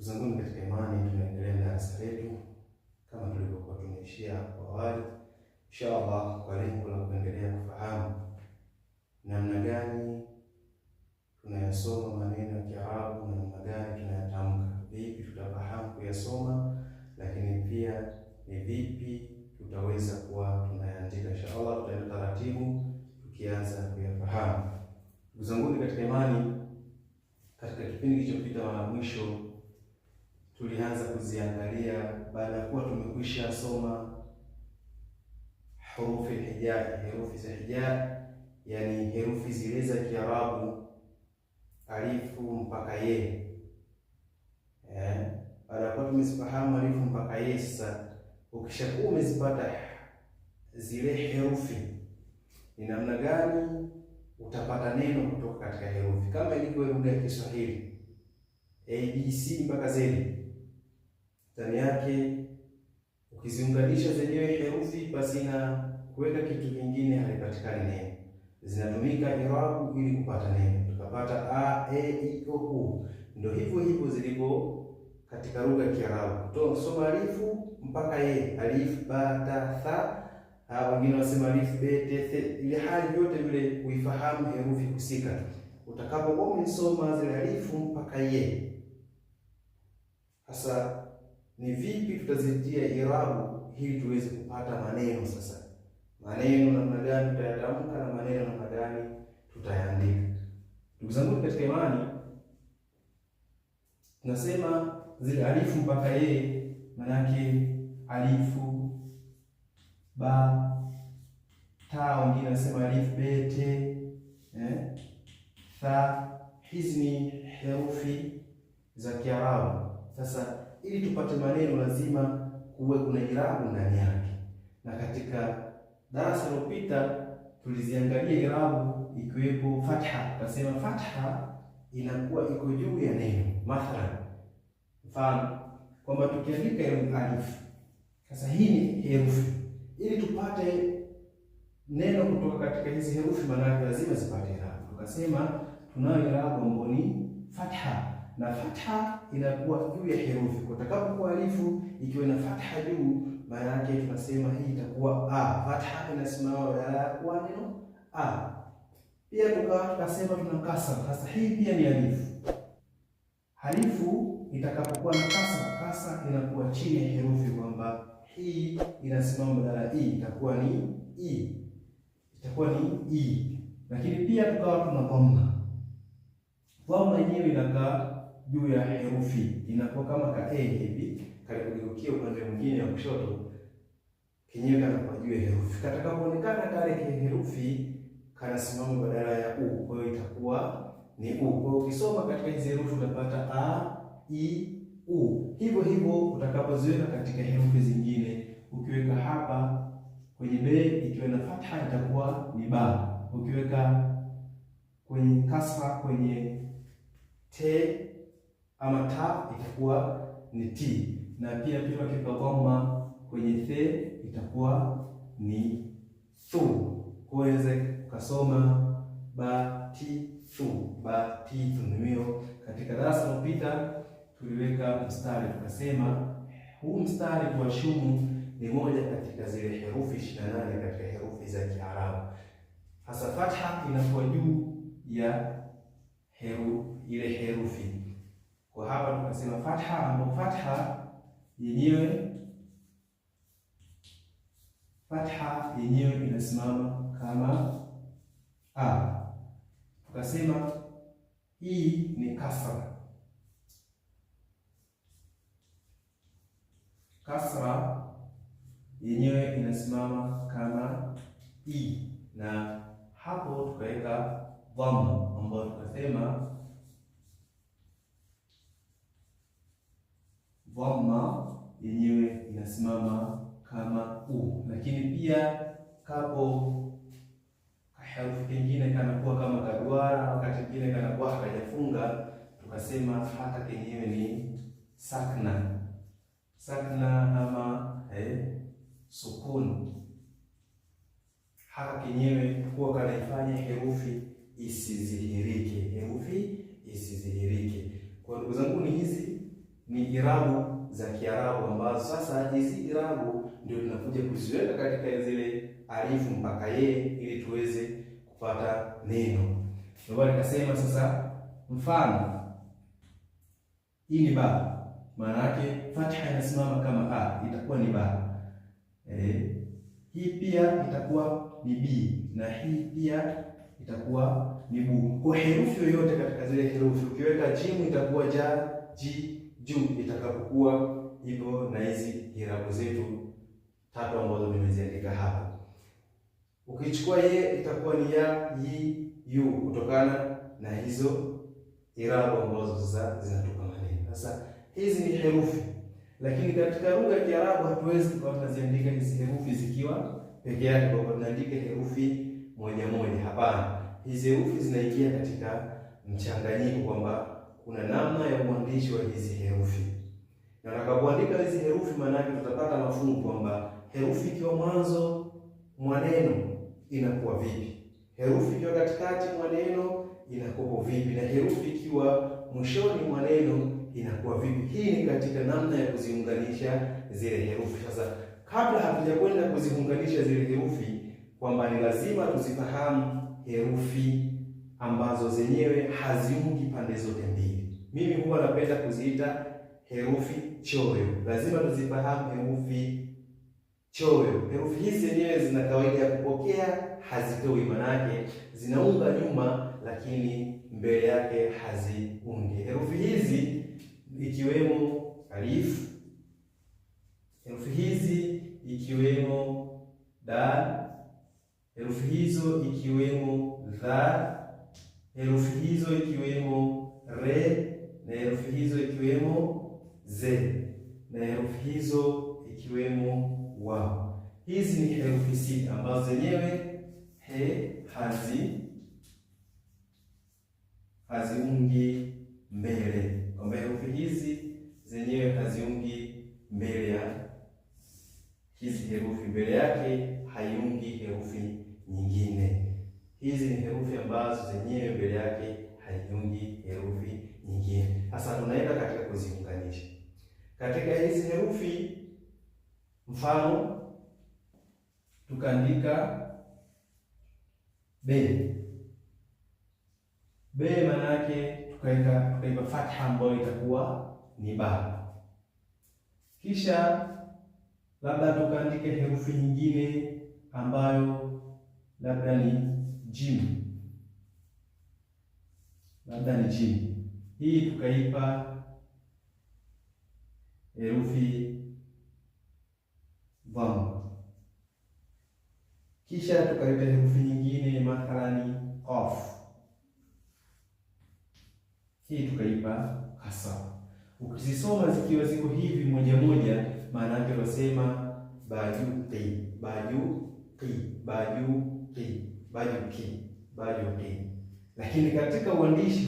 Uzanguni katika imani, tunaendelea na darasa letu kama tulivyokuwa tumeishia hapo awali, inshallah kwa lengo la kuendelea kufahamu namna gani tunayasoma maneno ya Kiarabu na namna gani tunayatamka, vipi tutafahamu kuyasoma, lakini pia ni vipi tutaweza kuwa tunayaandika. Inshallah tutaenda taratibu tukianza kuyafahamu. Uzanguni katika imani, katika kipindi kilichopita mwisho tulianza kuziangalia baada ya kuwa tumekwisha soma hurufi hijaji, herufi za hijaji, yani herufi zile za Kiarabu alifu mpaka ye. Eh, baada ya kuwa tumezifahamu alifu mpaka ye, sasa ukishakuwa umezipata zile herufi, ni namna gani utapata neno kutoka katika herufi, kama ilivyo lugha ya Kiswahili ABC mpaka zeni ndani yake ukiziunganisha zenyewe herufi basi na kuweka kitu kingine halipatikani neno, zinatumika irabu ili kupata neno, tukapata a e i o u. Ndio hivyo hivyo zilivyo katika lugha ya Kiarabu, soma alifu mpaka ye, alif ba ta tha wengine wasema alif be te the, ile hali yote vile kuifahamu herufi husika. Utakapokuwa umesoma zile alifu mpaka ye hasa ni vipi tutazitia irabu ili tuweze kupata maneno sasa. Maneno namna gani tutayatamka na maneno namna gani tutayaandika. Ndugu zangu katika imani, tunasema zile alifu mpaka yeye, manake alifu ba ta, wengine anasema alifu bete eh, tha. Hizi ni herufi za Kiarabu sasa ili tupate maneno lazima kuwe kuna irabu ndani yake, na katika darasa lopita tuliziangalia irabu, ikiwepo fatha. Tukasema fatha inakuwa iko juu ya neno, mathalan, mfano kwamba tukiandika herufi alif. Sasa hii ni herufi, ili tupate neno kutoka katika hizi herufi, maana lazima zipate irabu. Tukasema tunayo irabu ambayo ni fatha na fatha inakuwa juu ya herufi. alifu ikiwa na fatha juu, maana yake tunasema hii itakuwa a. Fatha inasimama badala ya kuwa neno a. Pia tukawa tunasema tuna kasra. Sasa hii pia ni alifu. Halifu itakapokuwa na kasra, kasra inakuwa chini ya herufi, kwamba hii inasimama badala ya i, itakuwa ni i, itakuwa ni i. Lakini pia tukawa tuna dhamma. Dhamma yenyewe inakaa juu ya herufi inakuwa kama ka A hivi kalikugeukia upande mwingine wa kushoto, kenyewe kwa juu ya herufi. Katakapoonekana kale herufi kanasimama badala ya u, kwa hiyo itakuwa ni u. Kwa hiyo ukisoma katika hizi herufi utapata a, i, u. Hivyo hivyo utakapoziweka katika herufi zingine, ukiweka hapa kwenye be ikiwa na fatha itakuwa ni ba, ukiweka kwenye kasra kwenye te ama ta itakuwa ni t, na pia pia tukiweka gomba kwenye the itakuwa ni thu. Kwa hiyo unaweza ukasoma ba ti thu, ba ti thu. Hiyo katika darasa lililopita tuliweka mstari tukasema huu mstari kwa shumu ni moja katika zile herufi 28 katika herufi za Kiarabu. Hasa fatha inakuwa juu ya heru, ile herufi kwa hapa tunasema fatha, ambapo fatha yenyewe fatha yenyewe inasimama kama a. Tukasema hii ni kasra. Kasra yenyewe inasimama kama i, na hapo tukaweka dhamma ambayo tukasema vama yenyewe inasimama kama u, lakini pia kapo kaherufi kengine kanakuwa kama kaduara, wakati kingine kanakuwa hakajafunga, tukasema haka kenyewe ni sakna sakna ama eh, sukun. Haka kenyewe kuwa kanaifanya herufi isizihirike herufi isizihirike Kwa ndugu zangu ni hizi ni irabu za Kiarabu ambazo sasa hizi irabu ndio tunakuja kuziweka katika zile alifu mpaka ye ili tuweze kupata neno. Ndio nikasema sasa, mfano hii ni ba, maana yake fatha inasimama kama a, itakuwa ni ba. Eh, hii pia itakuwa ni b na hii pia itakuwa ni bu. Kwa herufi yoyote katika zile herufi ukiweka jimu itakuwa ja, ji juu itakapokuwa ipo na hizi irabu zetu tatu ambazo nimeziandika hapa. Ukichukua ye itakuwa ni ya, yi, yu kutokana na hizo irabu ambazo sasa zinatoka maneno. Sasa hizi ni herufi, lakini katika lugha ya Kiarabu hatuwezi kwa tunaziandika hizi herufi zikiwa peke yake, kwa tunaandika herufi moja moja. Hapana, hizi herufi zinaingia katika mchanganyiko kwamba kuna namna ya uandishi wa hizi herufi, na nakapoandika hizi herufi, maana yake tutapata mafungu kwamba herufi ikiwa mwanzo mwa neno inakuwa vipi, herufi ikiwa katikati mwa neno inakuwa vipi, na herufi ikiwa mwishoni mwa neno inakuwa vipi. Hii ni katika namna ya kuziunganisha zile herufi. Sasa kabla hatujakwenda kuziunganisha zile herufi, kwamba ni lazima tuzifahamu herufi ambazo zenyewe haziungi pande zote mbili. Mimi huwa napenda kuziita herufi choyo. Lazima tuzifahamu herufi choyo. Herufi hizi zenyewe zina kawaida ya kupokea, hazitoi, manake zinaunga nyuma, lakini mbele yake haziungi. Herufi hizi ikiwemo alif, herufi hizi ikiwemo dal, herufi hizo ikiwemo dha herufi hizo ikiwemo re na herufi hizo ikiwemo z na herufi hizo ikiwemo wa. Hizi ni herufi sita ambazo zenyewe he hazi haziungi mbele, kwamba herufi hizi zenyewe haziungi mbele ya hizi herufi, mbele yake haiungi herufi nyingine. Hizi ni herufi ambazo zenyewe mbele yake haijungi herufi nyingine. Sasa tunaenda katika kuziunganisha katika hizi herufi, mfano tukaandika be be, maana yake tukaweka tukaipa fatha ambayo itakuwa ni ba, kisha labda tukaandike herufi nyingine ambayo labda ni gym, labda ni gym hii, tukaipa herufi vam, kisha tukaipa herufi nyingine mathalani of hii tukaipa kasa. Ukizisoma zikiwa ziko hivi moja moja, maana yake wasema baju ti baju ti baju bali Bajuki. Lakini katika uandishi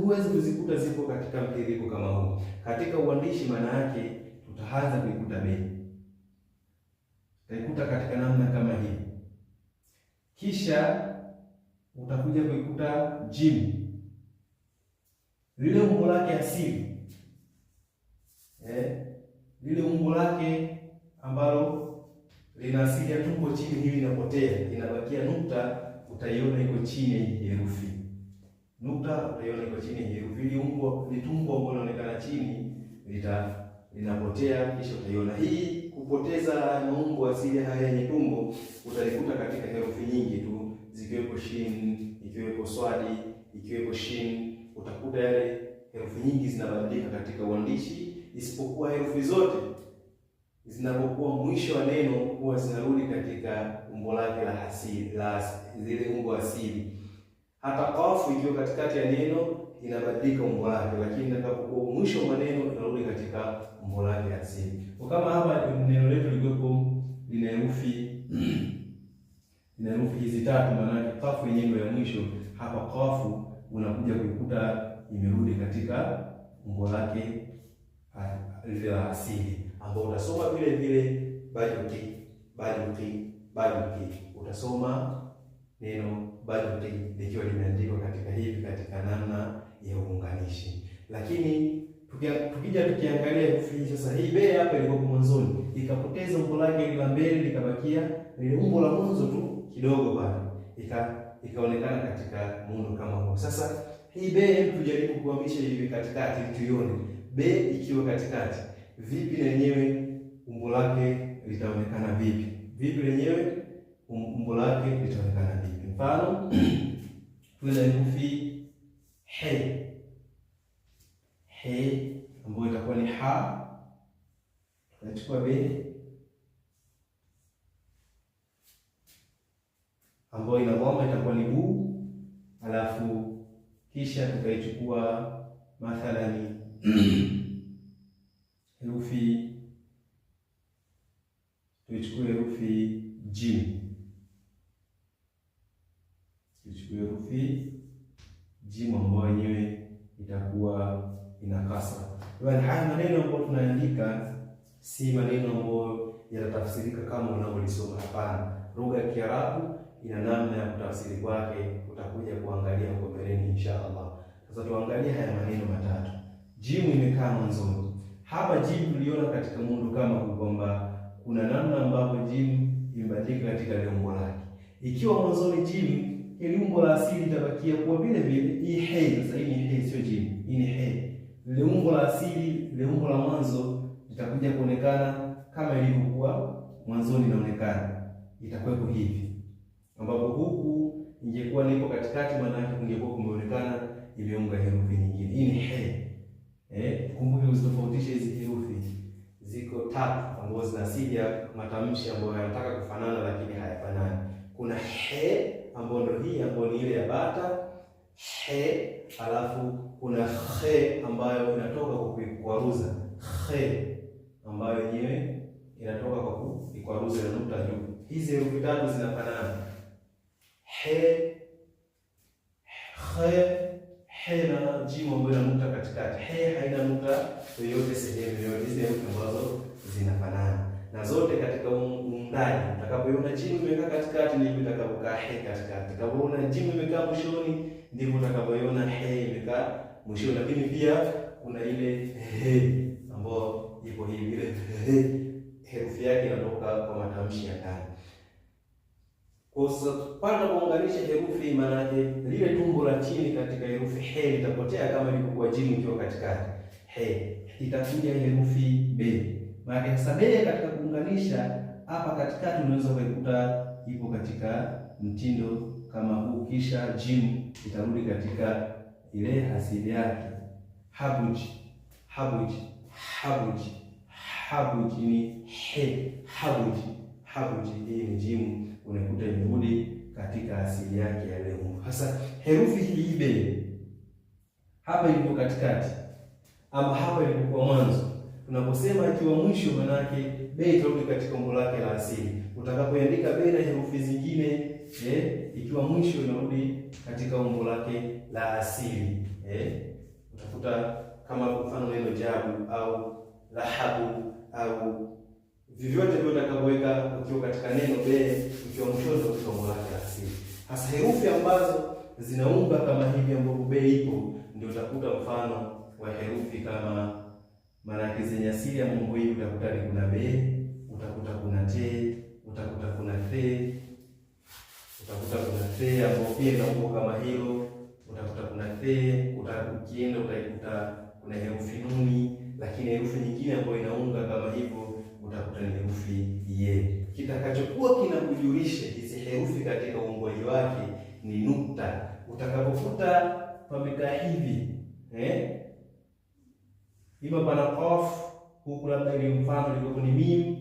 huwezi kuzikuta ziko katika mtiririko kama huu. Katika uandishi maana yake tutaanza kuikuta bei, utaikuta katika namna kama hii, kisha utakuja kuikuta jim. lile umbo lake asili eh, lile umbo lake ambalo lina asili ya tuko chini, hili inapotea, inabakia nukta, utaiona iko chini herufi. Nukta utaiona iko chini herufi. Hili umbo ni tumbo ambalo linaonekana chini lita linapotea, kisha utaiona hii. Kupoteza maumbo asili haya yenye tumbo utalikuta katika herufi nyingi tu, zikiwepo shin, ikiwepo swadi, ikiwepo shin, utakuta yale herufi nyingi zinabadilika katika uandishi, isipokuwa herufi zote zinapokuwa mwisho wa neno huwa zinarudi katika umbo lake la asili la zile umbo asili. Hata kafu ikiwa katikati ya neno inabadilika umbo lake, lakini inapokuwa mwisho wa neno inarudi katika umbo lake asili. Kwa kama hapa neno letu lilikuwepo lina herufi lina herufi hizi tatu, maana yake kafu yenyewe ya mwisho hapa, kafu unakuja kuikuta imerudi katika umbo lake vya eh, asili ambao utasoma vile vile bajuti bajuti bajuti, utasoma neno bajuti likiwa limeandikwa katika hivi katika namna ya uunganishi. Lakini tukija tukiangalia herufi sasa, hii be hapa ilikuwa mwanzoni ikapoteza umbo lake la mbele likabakia ni umbo la mwanzo tu kidogo bado ika ikaonekana katika muundo kama huo. Sasa hii be tujaribu kuhamisha hivi katikati tuione B ikiwa katikati, vipi lenyewe umbo lake litaonekana vipi? Vipi lenyewe um-, umbo lake litaonekana vipi? Mfano, kuna herufi he he ambayo itakuwa ni ha, tunachukua be ambayo ina dhamma itakuwa ni bu, alafu kisha tukaichukua mathalani Mm. herufi tuichukue herufi G, tuichukue herufi G ambayo yenyewe itakuwa ina kasra. Haya maneno ambayo tunaandika si maneno ambayo yatatafsirika kama unavyolisoma, hapana. Lugha ya Kiarabu ina namna ya kutafsiri kwake, utakuja kuangalia huko mbeleni insha Allah. Sasa tuangalie haya maneno matatu jimu imekaa mwanzoni. Hapa jimu tuliona katika muundo kama huu kwamba kuna namna ambapo jimu imebadilika katika umbo lake. Ikiwa mwanzoni jimu ili umbo la asili litabakia kuwa vile vile. Hii he sasa, hii ni he, sio jimu, hii ni he. Ile umbo la asili, ile umbo la mwanzo litakuja kuonekana kama ilivyokuwa mwanzoni inaonekana, itakuwepo hivi, ambapo huku ingekuwa niko katikati, maana yake kungekuwa kumeonekana imeunga herufi nyingine. Hii ni he. Eh, kumbuke uzitofautishe hizi herufi. Ziko tatu ambazo zina matamshi ambayo yanataka kufanana lakini hayafanani. Kuna he ambayo ndio hii ambayo ni ile ya bata he, alafu kuna he ambayo inatoka kwa kuikwaruza he, ambayo yenyewe inatoka kwa kuikwaruza na nukta juu. Hizi herufi tatu zinafanana he, he he na jimu ambayo ina katikati. He haina nukta yoyote sehemu yoyote. Hizi nukta ambazo zinafanana na zote katika undani. Utakapoona jimu imekaa katikati, ndivyo itakapokaa he katikati. Utakapoona jimu imekaa mwishoni, ndivyo utakapoiona he imekaa mwishoni. Lakini pia kuna ile he ambayo ipo hivi, ile herufi yake inatoka kwa matamshi ya ndani sasa tukipanda kuunganisha herufi, maana yake lile tumbo la chini katika herufi he litapotea kama ilivyokuwa jini ikiwa katikati. He itakuja herufi b. Maana yake sasa b katika kuunganisha hapa katikati unaweza kuikuta ipo katika mtindo kama huu, kisha jim itarudi katika ile asili yake. Habuji, habuji, habuji, habuji ni he, habuji, habuji hii ni jimu unaikuta imerudi katika asili yake ya lemu. Sasa herufi hii be hapa ilipo katikati ama hapa kwa mwanzo, tunaposema ikiwa mwisho, maana yake be itarudi katika umbo lake la asili. Utakapoandika be na herufi zingine eh, ikiwa mwisho inarudi katika umbo lake la asili eh, utakuta kama mfano neno jabu au lahabu au vyovyote vile utakavyoweka ukiwa katika neno be, ukiwa mshoto somo lake asili. Hasa herufi ambazo zinaumba kama hivi ambapo be ipo, ndio utakuta mfano wa herufi kama maanake zenye asili ya Mungu hii, utakuta ni kuna be, utakuta kuna te, utakuta kuna the, utakuta kuna the ambapo pia inaumba kama hilo, utakuta kuna the, utakienda utaikuta kuna herufi nuni, lakini herufi nyingine ambayo inaunga kama hivyo utakuta ni herufi ye. Kitakachokuwa kinakujulisha hizi herufi katika uongozi wake ni nukta. Utakapofuta pamekaa hivi eh, ima pana qaf huku, labda ni mfano ilikuwa ni mim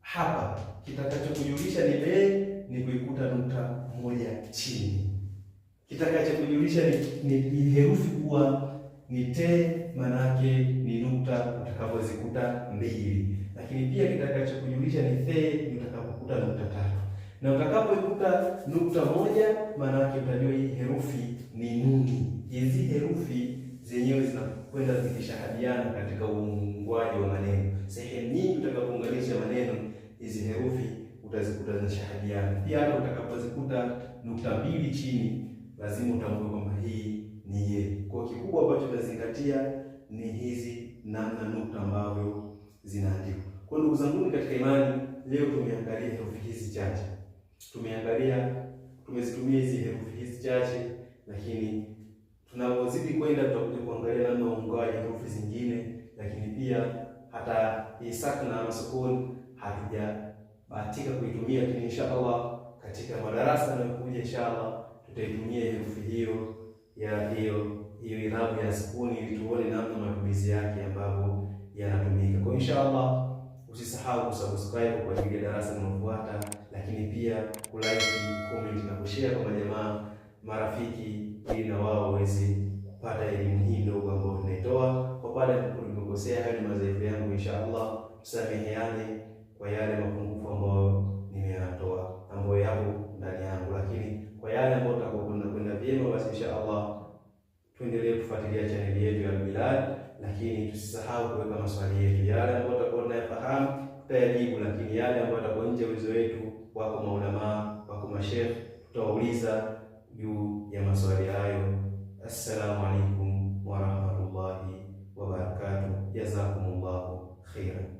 hapa, kitakachokujulisha ni be, ni kuikuta nukta moja chini. Kitakachokujulisha ni, ni, ni herufi kuwa ni te manake ni nukta utakapozikuta mbili, lakini pia kitakachokujulisha ni the utakapokuta nukta tatu, na utakapoikuta nukta moja manake utajua hii herufi ni nuni. Hizi herufi zenyewe zinakwenda zikishahadiana katika uungwaji wa maneno. Sehemu nyingi utakapounganisha maneno, hizi herufi utazikuta zinashahadiana. Pia hata utakapozikuta nukta mbili chini, lazima utambue kwamba hii ni yeye. Kwa kikubwa ambacho tunazingatia ni hizi namna nukta ambavyo zinaandikwa. Kwa ndugu zangu katika imani, leo tumeangalia herufi hizi chache, tumeangalia tumezitumia hizi herufi hizi chache, lakini tunapozidi kwenda tutakuja kuangalia namna uungaji herufi zingine, lakini pia hata hisaki na masukuni hatujabahatika kuitumia, lakini insha katika madarasa yanayokuja, insha Allah tutaitumia herufi hiyo ya hiyo hiyo irabu ya sukuni ili tuone namna matumizi yake ambavyo yanatumika. Kwa inshallah usisahau kusubscribe kwa ajili ya darasa linalofuata, lakini pia kulike, comment na kushare kwa majamaa marafiki, ili na wao waweze kupata elimu hii ndogo ambayo tunaitoa. Kwa pale nilikosea, hayo ni madhaifu yangu. Inshallah tusameheane kwa yale mapungufu ambayo nimeyatoa ambayo yapo ndani yangu, lakini kwa yale ambayo vyema, basi insha Allah tuendelee kufuatilia chaneli yetu ya Albilad, lakini tusisahau kuweka maswali yetu. Yale ambayo tutakuwa tunayafahamu tutayajibu, lakini yale ambayo yatakuwa nje uwezo wetu, wako maulamaa, wako mashekh, tutawauliza juu ya maswali hayo. Assalamu alaikum warahmatullahi wabarakatuh. Jazakumullahu khairan.